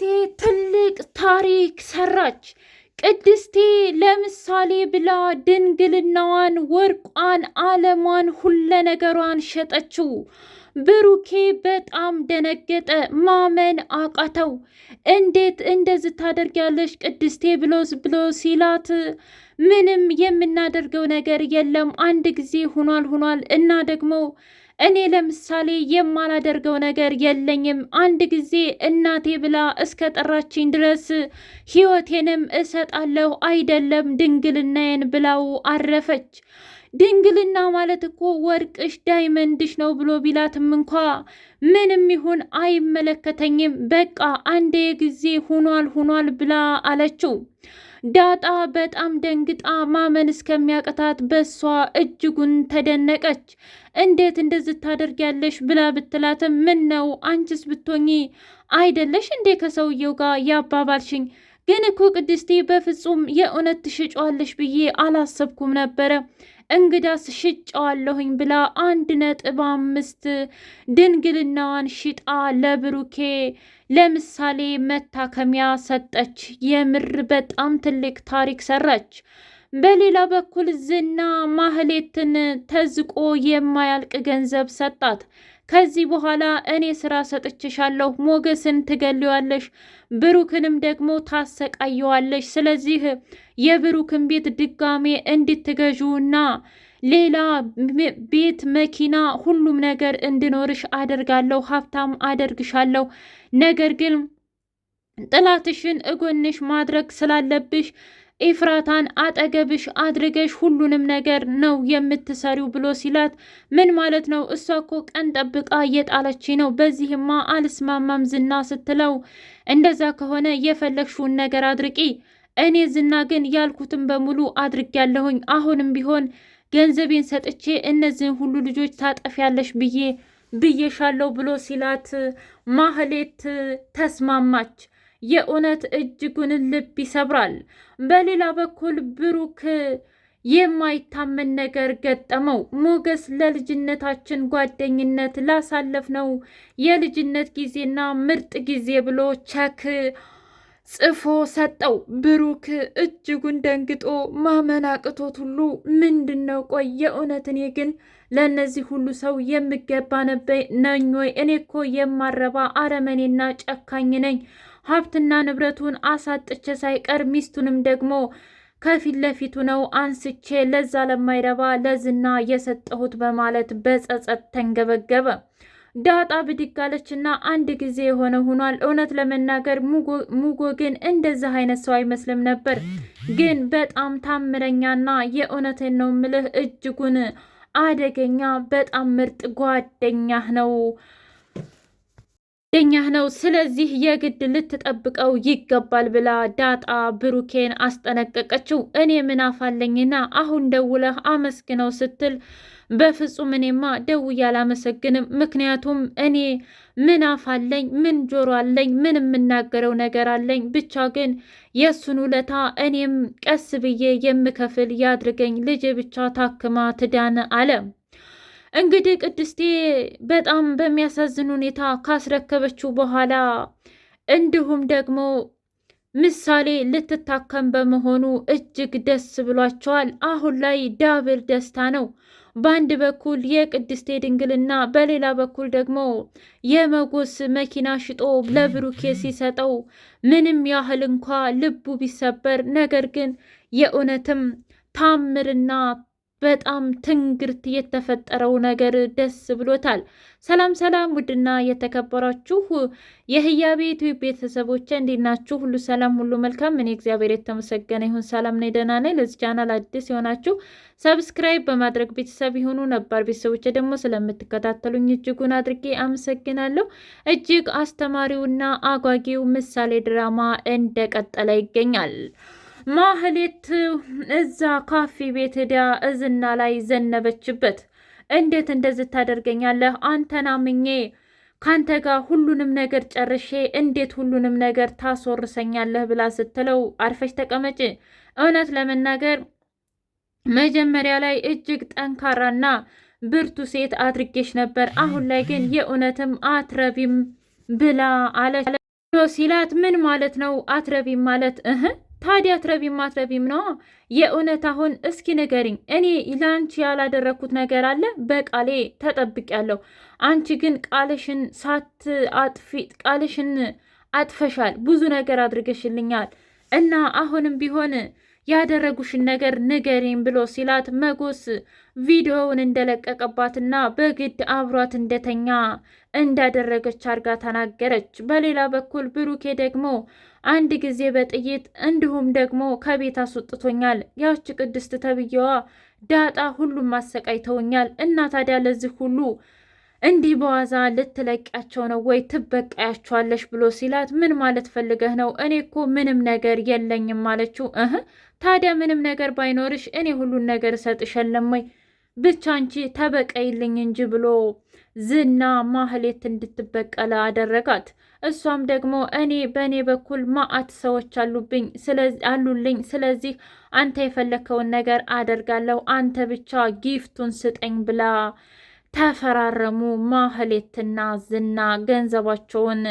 ቅድስቴ ትልቅ ታሪክ ሰራች። ቅድስቴ ለምሳሌ ብላ ድንግልናዋን፣ ወርቋን፣ አለሟን፣ ሁለ ነገሯን ሸጠችው። ብሩኬ በጣም ደነገጠ፣ ማመን አቃተው። እንዴት እንደዚህ ታደርጊያለሽ ቅድስቴ ብሎስ ብሎ ሲላት ምንም የምናደርገው ነገር የለም። አንድ ጊዜ ሆኗል ሁኗል እና ደግሞ እኔ ለምሳሌ የማላደርገው ነገር የለኝም። አንድ ጊዜ እናቴ ብላ እስከ ጠራችኝ ድረስ ሕይወቴንም እሰጣለሁ አይደለም ድንግልናዬን ብላው አረፈች። ድንግልና ማለት እኮ ወርቅሽ ዳይመንድሽ ነው ብሎ ቢላትም እንኳ ምንም ይሁን አይመለከተኝም፣ በቃ አንዴ ጊዜ ሆኗል ሁኗል ብላ አለችው። ዳጣ በጣም ደንግጣ ማመን እስከሚያቅታት በሷ እጅጉን ተደነቀች። እንዴት እንደዚህ ታደርጊያለሽ ብላ ብትላትም ምን ነው አንቺስ ብትሆኚ አይደለሽ እንዴ ከሰውየው ጋር ያባባልሽኝ? ግን እኮ ቅድስቴ በፍጹም የእውነት ትሽጫዋለሽ ብዬ አላሰብኩም ነበረ እንግዳስ ሽጫዋለሁኝ ብላ አንድ ነጥብ አምስት ድንግልናዋን ሽጣ ለብሩኬ ለምሳሌ መታከሚያ ሰጠች። የምር በጣም ትልቅ ታሪክ ሰራች። በሌላ በኩል ዝና ማህሌትን ተዝቆ የማያልቅ ገንዘብ ሰጣት። ከዚህ በኋላ እኔ ስራ ሰጥችሻለሁ። ሞገስን ትገልዋለሽ፣ ብሩክንም ደግሞ ታሰቃየዋለሽ። ስለዚህ የብሩክን ቤት ድጋሜ እንድትገዥውና ሌላ ቤት፣ መኪና፣ ሁሉም ነገር እንድኖርሽ አደርጋለሁ፣ ሀብታም አደርግሻለሁ። ነገር ግን ጥላትሽን እጎንሽ ማድረግ ስላለብሽ ኤፍራታን አጠገብሽ አድርገሽ ሁሉንም ነገር ነው የምትሰሪው ብሎ ሲላት ምን ማለት ነው? እሷ እኮ ቀን ጠብቃ እየጣለች ነው። በዚህማ አልስማማም ዝና ስትለው እንደዛ ከሆነ የፈለግሽውን ነገር አድርቂ። እኔ ዝና ግን ያልኩትን በሙሉ አድርጊያለሁኝ። አሁንም ቢሆን ገንዘቤን ሰጥቼ እነዚህን ሁሉ ልጆች ታጠፊያለሽ ብዬ ብዬሻለሁ ብሎ ሲላት ማህሌት ተስማማች። የእውነት እጅጉን ልብ ይሰብራል። በሌላ በኩል ብሩክ የማይታመን ነገር ገጠመው። ሞገስ ለልጅነታችን ጓደኝነት ላሳለፍነው የልጅነት ጊዜና ምርጥ ጊዜ ብሎ ቼክ ጽፎ ሰጠው። ብሩክ እጅጉን ደንግጦ ማመን አቅቶት ሁሉ ምንድን ነው ቆይ የእውነት እኔ ግን ለእነዚህ ሁሉ ሰው የምገባ ነኝ ወይ? እኔ እኮ የማረባ አረመኔና ጨካኝ ነኝ ሀብትና ንብረቱን አሳጥቼ ሳይቀር ሚስቱንም ደግሞ ከፊት ለፊቱ ነው አንስቼ ለዛ ለማይረባ ለዝና የሰጠሁት በማለት በጸጸት ተንገበገበ። ዳጣ ብድግ አለችና አንድ ጊዜ የሆነ ሆኗል። እውነት ለመናገር ሙጎ ግን እንደዚህ አይነት ሰው አይመስልም ነበር፣ ግን በጣም ታምረኛና የእውነቴን ነው ምልህ እጅጉን አደገኛ በጣም ምርጥ ጓደኛህ ነው ደኛህ ነው፣ ስለዚህ የግድ ልትጠብቀው ይገባል ብላ ዳጣ ብሩኬን አስጠነቀቀችው። እኔ ምን አፋለኝና አሁን ደውለህ አመስግነው ስትል በፍጹም እኔማ ደውዬ አላመሰግንም። ምክንያቱም እኔ ምን አፋለኝ፣ ምን ጆሮ አለኝ፣ ምን የምናገረው ነገር አለኝ። ብቻ ግን የእሱን ውለታ እኔም ቀስ ብዬ የምከፍል ያድርገኝ። ልጄ ብቻ ታክማ ትዳን አለ እንግዲህ ቅድስቴ በጣም በሚያሳዝን ሁኔታ ካስረከበችው በኋላ እንዲሁም ደግሞ ምሳሌ ልትታከም በመሆኑ እጅግ ደስ ብሏቸዋል። አሁን ላይ ዳብል ደስታ ነው። በአንድ በኩል የቅድስቴ ድንግልና፣ በሌላ በኩል ደግሞ የመጎስ መኪና ሽጦ ለብሩኬ ሲሰጠው ምንም ያህል እንኳ ልቡ ቢሰበር ነገር ግን የእውነትም ታምርና በጣም ትንግርት የተፈጠረው ነገር ደስ ብሎታል። ሰላም ሰላም! ውድና የተከበራችሁ የህያ ቤቱ ቤተሰቦች እንዴት ናችሁ? ሁሉ ሰላም፣ ሁሉ መልካም። እኔ እግዚአብሔር የተመሰገነ ይሁን ሰላም ነኝ፣ ደህና ነኝ። ለዚህ ቻናል አዲስ የሆናችሁ ሰብስክራይብ በማድረግ ቤተሰብ የሆኑ ነባር ቤተሰቦች ደግሞ ስለምትከታተሉኝ እጅጉን አድርጌ አመሰግናለሁ። እጅግ አስተማሪውና አጓጊው ምሳሌ ድራማ እንደቀጠለ ይገኛል። ማህሌት እዛ ካፌ ቤት ሄዳ እዝና ላይ ዘነበችበት። እንዴት እንደዚህ ታደርገኛለህ? አንተን አምኜ ካንተ ጋር ሁሉንም ነገር ጨርሼ እንዴት ሁሉንም ነገር ታስወርሰኛለህ? ብላ ስትለው አርፈሽ ተቀመጭ። እውነት ለመናገር መጀመሪያ ላይ እጅግ ጠንካራና ብርቱ ሴት አድርጌሽ ነበር። አሁን ላይ ግን የእውነትም አትረቢም ብላ አለች ሲላት ምን ማለት ነው አትረቢም ማለት እህ ታዲያ አትረቢም አትረቢም ነዋ። የእውነት አሁን እስኪ ንገሪኝ፣ እኔ ለአንቺ ያላደረግኩት ነገር አለ? በቃሌ ያለው አንቺ ግን ቃልሽን ሳታጥፊ ቃልሽን አጥፈሻል። ብዙ ነገር አድርገሽልኛል እና አሁንም ቢሆን ያደረጉሽን ነገር ንገሪም ብሎ ሲላት መጎስ ቪዲዮውን እንደለቀቀባትና በግድ አብሯት እንደተኛ እንዳደረገች አድርጋ ተናገረች። በሌላ በኩል ብሩኬ ደግሞ አንድ ጊዜ በጥይት እንዲሁም ደግሞ ከቤት አስወጥቶኛል። ያች ቅድስት ተብዬዋ ዳጣ ሁሉም አሰቃይተውኛል እና ታዲያ ለዚህ ሁሉ እንዲህ በዋዛ ልትለቂያቸው ነው ወይ ትበቃያቸዋለሽ ብሎ ሲላት ምን ማለት ፈልገህ ነው? እኔ እኮ ምንም ነገር የለኝም አለችው። እህ ታዲያ ምንም ነገር ባይኖርሽ እኔ ሁሉን ነገር እሰጥሻለሁ ወይ ብቻ አንቺ ተበቀይልኝ እንጂ ብሎ ዝና ማህሌት እንድትበቀለ አደረጋት። እሷም ደግሞ እኔ በእኔ በኩል ማአት ሰዎች አሉብኝ አሉልኝ፣ ስለዚህ አንተ የፈለከውን ነገር አደርጋለሁ፣ አንተ ብቻ ጊፍቱን ስጠኝ ብላ ተፈራረሙ። ማህሌትና ዝና ገንዘባቸውን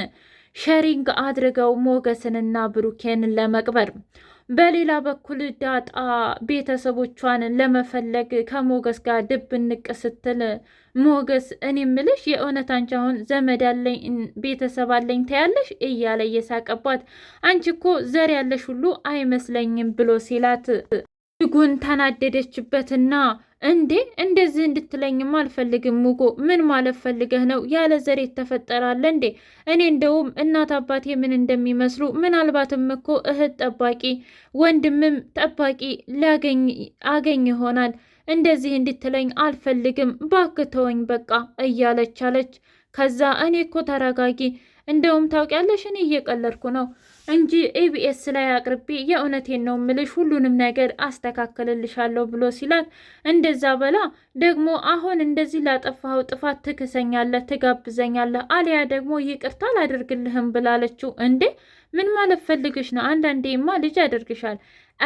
ሸሪንግ አድርገው ሞገስንና ብሩኬን ለመቅበር በሌላ በኩል ዳጣ ቤተሰቦቿን ለመፈለግ ከሞገስ ጋር ድብንቅ ስትል ሞገስ እኔ ምልሽ የእውነት አንቺ አሁን ዘመድ አለኝ ቤተሰብ አለኝ ታያለሽ እያለ እየሳቀባት አንቺ እኮ ዘር ያለሽ ሁሉ አይመስለኝም ብሎ ሲላት እጅጉን ተናደደችበትና እንዴ እንደዚህ እንድትለኝም አልፈልግም። ሙጎ ምን ማለት ፈልገህ ነው? ያለ ዘሬት ተፈጠራለ እንዴ? እኔ እንደውም እናት አባቴ ምን እንደሚመስሉ ምናልባትም እኮ እህት ጠባቂ፣ ወንድምም ጠባቂ ላገኝ አገኝ ይሆናል። እንደዚህ እንድትለኝ አልፈልግም፣ እባክህ ተወኝ በቃ እያለች አለች። ከዛ እኔ እኮ ተረጋጊ፣ እንደውም ታውቂያለሽ እኔ እየቀለድኩ ነው እንጂ ኤቢኤስ ላይ አቅርቤ የእውነቴን ነው ምልሽ ሁሉንም ነገር አስተካከልልሻለሁ ብሎ ሲላት፣ እንደዛ በላ ደግሞ አሁን እንደዚህ ላጠፋኸው ጥፋት ትክሰኛለህ፣ ትጋብዘኛለህ አሊያ ደግሞ ይቅርታ አላደርግልህም ብላለችው። እንዴ ምን ማለት ፈልግሽ ነው? አንዳንዴማ ልጅ ያደርግሻል።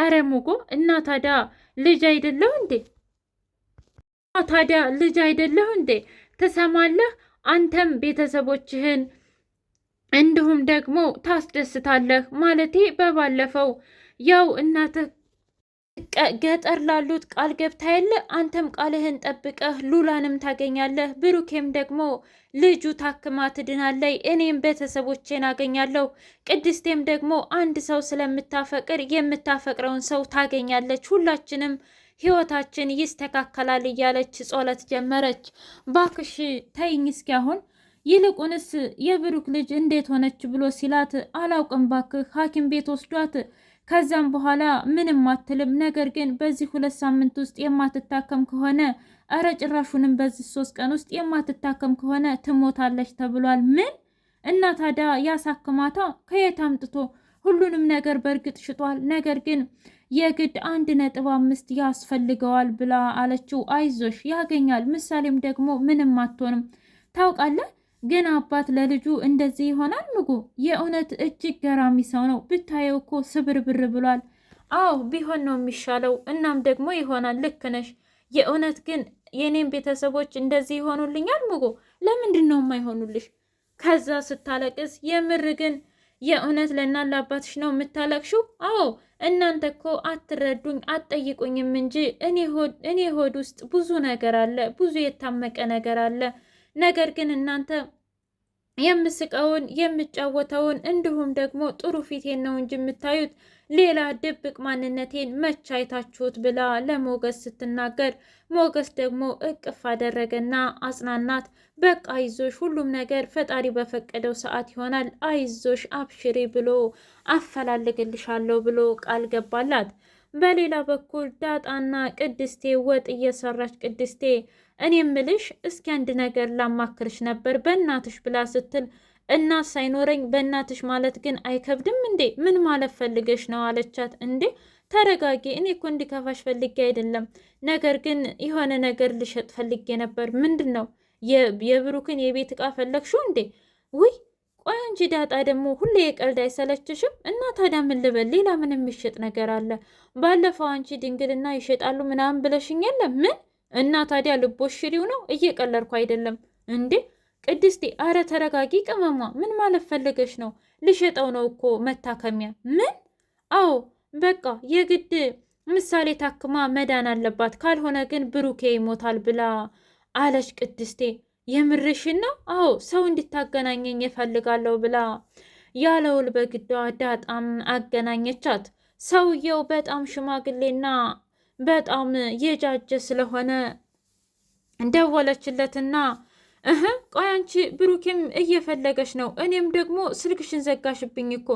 አረ ሙጎ እና ታዲያ ልጅ አይደለሁ እንዴ? ታዲያ ልጅ አይደለሁ እንዴ? ትሰማለህ አንተም ቤተሰቦችህን እንዲሁም ደግሞ ታስደስታለህ። ማለቴ በባለፈው ያው እናትህ ገጠር ላሉት ቃል ገብታ የለ አንተም ቃልህን ጠብቀህ ሉላንም ታገኛለህ። ብሩኬም ደግሞ ልጁ ታክማ ትድናለይ፣ እኔም ቤተሰቦቼን አገኛለሁ። ቅድስቴም ደግሞ አንድ ሰው ስለምታፈቅር የምታፈቅረውን ሰው ታገኛለች። ሁላችንም ህይወታችን ይስተካከላል እያለች ጸሎት ጀመረች። ባክሽ ተይኝ እስኪ አሁን ይልቁንስ የብሩክ ልጅ እንዴት ሆነች ብሎ ሲላት አላውቅም ባክህ ሐኪም ቤት ወስዷት ከዛም በኋላ ምንም አትልም። ነገር ግን በዚህ ሁለት ሳምንት ውስጥ የማትታከም ከሆነ እረ ጭራሹንም በዚህ ሶስት ቀን ውስጥ የማትታከም ከሆነ ትሞታለች ተብሏል። ምን እና ታዲያ ያሳክማታ ከየት አምጥቶ? ሁሉንም ነገር በእርግጥ ሽጧል። ነገር ግን የግድ አንድ ነጥብ አምስት ያስፈልገዋል ብላ አለችው። አይዞሽ ያገኛል። ምሳሌም ደግሞ ምንም አትሆንም ታውቃለህ ግን አባት ለልጁ እንደዚህ ይሆናል? ምጉ የእውነት እጅግ ገራሚ ሰው ነው። ብታየው እኮ ስብርብር ብሏል። አዎ ቢሆን ነው የሚሻለው። እናም ደግሞ ይሆናል። ልክ ነሽ። የእውነት ግን የእኔም ቤተሰቦች እንደዚህ ይሆኑልኛል? ምጉ ለምንድን ነው የማይሆኑልሽ? ከዛ ስታለቅስ የምር ግን የእውነት ለእናት ለአባትሽ ነው የምታለቅሽው? አዎ እናንተ እኮ አትረዱኝ አትጠይቁኝም እንጂ እኔ ሆድ ውስጥ ብዙ ነገር አለ፣ ብዙ የታመቀ ነገር አለ ነገር ግን እናንተ የምስቀውን የምጫወተውን እንዲሁም ደግሞ ጥሩ ፊቴን ነው እንጂ የምታዩት ሌላ ድብቅ ማንነቴን መቼ አይታችሁት ብላ ለሞገስ ስትናገር ሞገስ ደግሞ እቅፍ አደረገና አጽናናት። በቃ አይዞሽ፣ ሁሉም ነገር ፈጣሪ በፈቀደው ሰዓት ይሆናል፣ አይዞሽ፣ አብሽሪ ብሎ አፈላልግልሻለሁ ብሎ ቃል ገባላት። በሌላ በኩል ዳጣና ቅድስቴ ወጥ እየሰራች ቅድስቴ እኔ ምልሽ እስኪ አንድ ነገር ላማክርሽ ነበር በእናትሽ ብላ ስትል እናት ሳይኖረኝ በእናትሽ ማለት ግን አይከብድም እንዴ? ምን ማለት ፈልገሽ ነው አለቻት። እንዴ ተረጋጊ፣ እኔ እኮ እንዲከፋሽ ፈልጌ አይደለም። ነገር ግን የሆነ ነገር ልሸጥ ፈልጌ ነበር። ምንድን ነው? የብሩክን የቤት እቃ ፈለግሽው እንዴ? ውይ ቆይ ዳጣ ደግሞ ሁሌ የቀልድ አይሰለችሽም? እና ታዲያ ምን ልበል? ሌላ ምን የሚሸጥ ነገር አለ? ባለፈው አንቺ ድንግልና ይሸጣሉ ምናምን ብለሽኝ የለም ምን እና ታዲያ ልቦሽ ሽሪው ነው? እየቀለድኩ አይደለም እንዴ ቅድስቴ። አረ ተረጋጊ ቅመሟ። ምን ማለት ፈልገሽ ነው? ልሸጠው ነው እኮ መታከሚያ። ምን? አዎ በቃ የግድ ምሳሌ ታክማ መዳን አለባት፣ ካልሆነ ግን ብሩኬ ይሞታል ብላ አለች ቅድስቴ። የምርሽን ነው? አዎ ሰው እንድታገናኘኝ እፈልጋለሁ ብላ ያለውል በግዷ ዳጣም አገናኘቻት። ሰውየው በጣም ሽማግሌና በጣም የጃጀ ስለሆነ ደወለችለትና እህ ቆይ አንቺ ብሩኬም እየፈለገች ነው፣ እኔም ደግሞ ስልክሽን ዘጋሽብኝ እኮ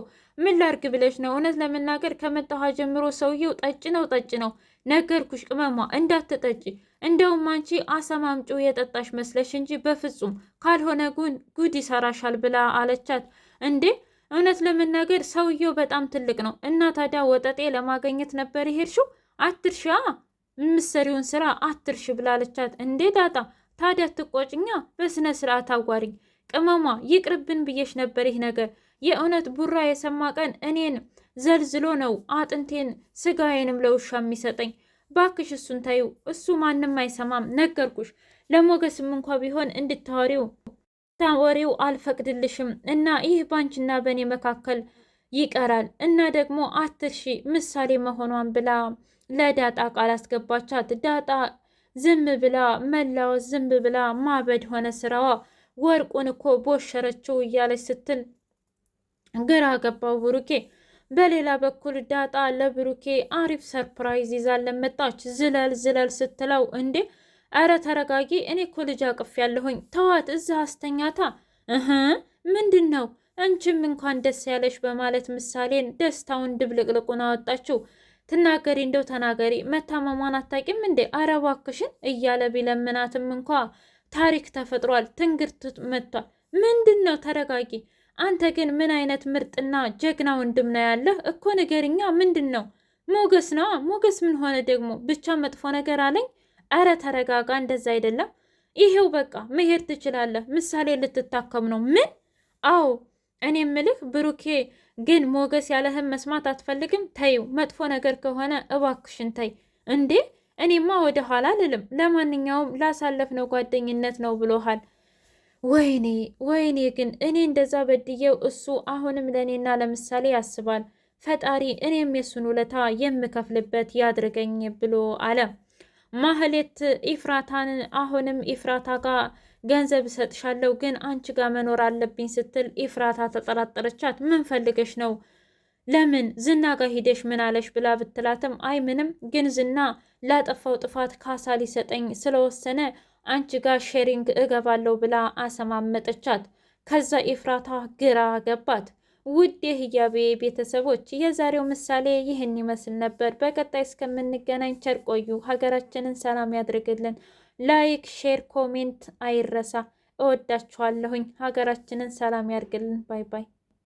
ምን ላርግ ብለሽ ነው? እውነት ለመናገር ከመጣኋ ጀምሮ ሰውየው ጠጭ ነው ጠጭ ነው። ነገርኩሽ ቅመሟ እንዳትጠጪ። እንደውም አንቺ አሰማምጩ የጠጣሽ መስለሽ እንጂ በፍጹም ካልሆነ ጉን ጉድ ይሰራሻል ብላ አለቻት። እንዴ እውነት ለመናገር ሰውየው በጣም ትልቅ ነው እና ታዲያ ወጠጤ ለማገኘት ነበር ይሄድሽው አትርሻ የምትሰሪውን ስራ አትርሽ ብላለቻት። እንዴ ዳጣ ታዲያ ትቆጭኛ፣ በስነ ስርዓት አዋሪኝ። ቅመሟ ይቅርብን ብዬሽ ነበር። ይህ ነገር የእውነት ቡራ የሰማ ቀን እኔን ዘልዝሎ ነው አጥንቴን ስጋዬንም ለውሻ የሚሰጠኝ። ባክሽ እሱን ታዩ፣ እሱ ማንም አይሰማም። ነገርኩሽ፣ ለሞገስም እንኳ ቢሆን እንድታወሪው ታወሪው አልፈቅድልሽም። እና ይህ ባንችና በእኔ መካከል ይቀራል። እና ደግሞ አትርሺ ምሳሌ መሆኗን ብላ ለዳጣ ቃል አስገባቻት። ዳጣ ዝም ብላ መላው ዝም ብላ ማበድ ሆነ ስራዋ። ወርቁን እኮ ቦሸረችው እያለች ስትል ግራ ገባው ብሩኬ። በሌላ በኩል ዳጣ ለብሩኬ አሪፍ ሰርፕራይዝ ይዛለን መጣች። ዝለል ዝለል ስትለው እንዴ አረ ተረጋጊ፣ እኔ እኮ ልጅ አቅፍ ያለሁኝ ተዋት፣ እዛ አስተኛታ እህ ምንድን ነው አንቺም እንኳን ደስ ያለሽ በማለት ምሳሌን ደስታውን ድብልቅልቁን አወጣችው። ትናገሪ እንደው ተናገሪ መታመሟን አታቂም እንዴ አረ እባክሽን እያለ ቢለምናትም እንኳ ታሪክ ተፈጥሯል። ትንግርት መጥቷል። ምንድን ነው ተረጋጊ። አንተ ግን ምን አይነት ምርጥና ጀግና ወንድም ነው ያለህ እኮ ንገርኛ። ምንድን ነው ሞገስ ነዋ። ሞገስ ምን ሆነ ደግሞ? ብቻ መጥፎ ነገር አለኝ። አረ ተረጋጋ፣ እንደዛ አይደለም። ይሄው በቃ መሄድ ትችላለህ። ምሳሌ ልትታከም ነው። ምን? አዎ እኔ ምልህ ብሩኬ ግን ሞገስ ያለህን መስማት አትፈልግም። ተይው፣ መጥፎ ነገር ከሆነ እባክሽን ተይ። እንዴ እኔማ ወደ ኋላ አልልም። ለማንኛውም ላሳለፍነው ጓደኝነት ነው ብሎሃል። ወይኔ ወይኔ፣ ግን እኔ እንደዛ በድየው እሱ አሁንም ለእኔና ለምሳሌ ያስባል። ፈጣሪ እኔም የሱን ውለታ የምከፍልበት ያድርገኝ ብሎ አለ። ማህሌት ኢፍራታን አሁንም ኢፍራታ ጋር ገንዘብ እሰጥሻለሁ ግን አንቺ ጋር መኖር አለብኝ ስትል ኤፍራታ ተጠራጠረቻት። ምን ፈልገሽ ነው? ለምን ዝና ጋር ሂደሽ ምን አለሽ ብላ ብትላትም አይ ምንም፣ ግን ዝና ላጠፋው ጥፋት ካሳ ሊሰጠኝ ስለወሰነ አንቺ ጋር ሼሪንግ እገባለሁ ብላ አሰማመጠቻት። ከዛ ኤፍራታ ግራ ገባት። ውድ የህያቤ ቤተሰቦች የዛሬው ምሳሌ ይህን ይመስል ነበር። በቀጣይ እስከምንገናኝ ቸር ቆዩ። ሀገራችንን ሰላም ያድርግልን። ላይክ፣ ሼር፣ ኮሜንት አይረሳ። እወዳችኋለሁኝ። ሀገራችንን ሰላም ያርግልን። ባይ ባይ።